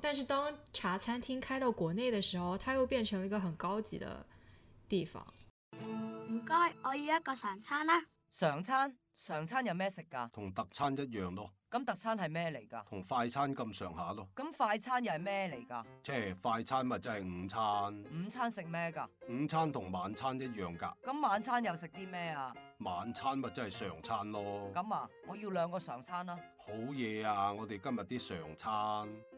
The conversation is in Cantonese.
但是當茶餐廳開到國內的時候，它又變成一個很高級的地方。唔該，我要一個常餐啦。常餐？常餐有咩食噶？同特餐一樣咯。咁特餐係咩嚟噶？同快餐咁上下咯。咁快餐又係咩嚟噶？即係快餐咪即係午餐。午餐食咩噶？午餐同晚餐一樣噶。咁晚餐又食啲咩啊？晚餐咪即係常餐咯。咁啊，我要兩個常餐咯。好嘢啊！我哋今日啲常餐。